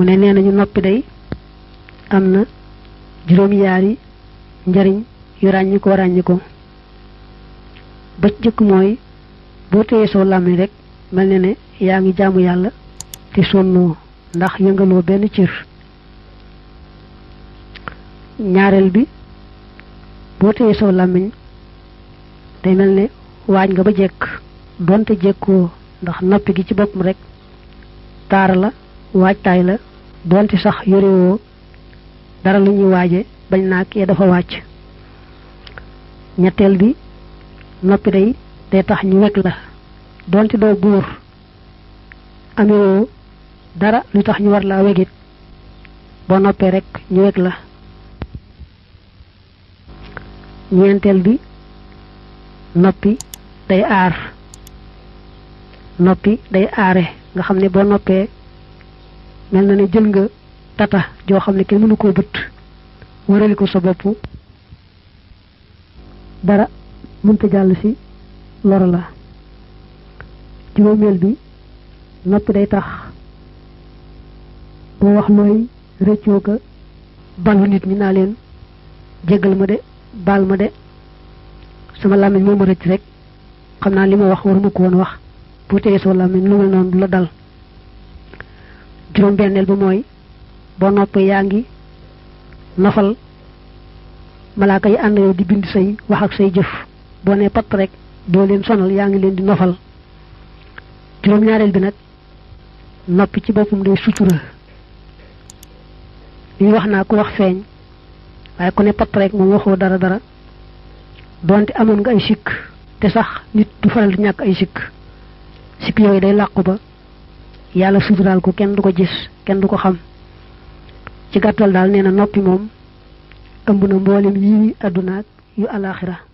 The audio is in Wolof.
mu ne nee nañu noppi day am na juróom-yaari njariñ yu ràññikoo ràññikoo ba jëkk mooy boo téyee soo làmmiñ rek mel na ne yaa ngi jàmm yàlla te sonnoo ndax yëngaloo benn cir ñaareel bi boo téyee làmmiñ day mel ne waaj nga ba jekk donte jekkoo ndax noppi gi ci boppam rekk taara la waajtaay la doonte sax yorewoo dara lu ñuy waaje bañ naa kee dafa wàcc ñetteel bi noppi day day tax ñu wekk la doonte doo buur amewoo dara lu tax ñu war laa wegit boo noppee rek ñu wekk la ñeenteel bi noppi day aar noppi day aare nga xam ne boo noppee mel na ne jël nga tata joo xam ne kenn mënu koo bëtt warali ko sa bopp dara mënta jàll si loro la juróomeel bi noppi day tax boo wax nooy rëccoo ko balu nit ñi naa leen jéggal ma de baal ma de sama làmmiñ moom ma rëcc rek xam naa li ma wax waruma ko woon wax boo téye sama làmmiñ lu mel noonu la dal juróom bennel ba mooy boo nopp yaa ngi nafal malaaka yi ànd di bind say wax ak say jëf boo nee pat rek doo leen sonal yaa ngi leen di nafal juróom ñaareel bi nag noppi ci boppam day sutura li wax naa ku wax feeñ waaye ku ne pat rek moom waxoo dara dara donte amoon nga ay sikk te sax nit du faral di ñàkk ay sikk sikk yooyu day làqu ba yàlla suturaal ko kenn du ko gis kenn du ko xam ci gàttal daal nee na noppi moom ëmb na mboolem yii àdduna yu alaaxira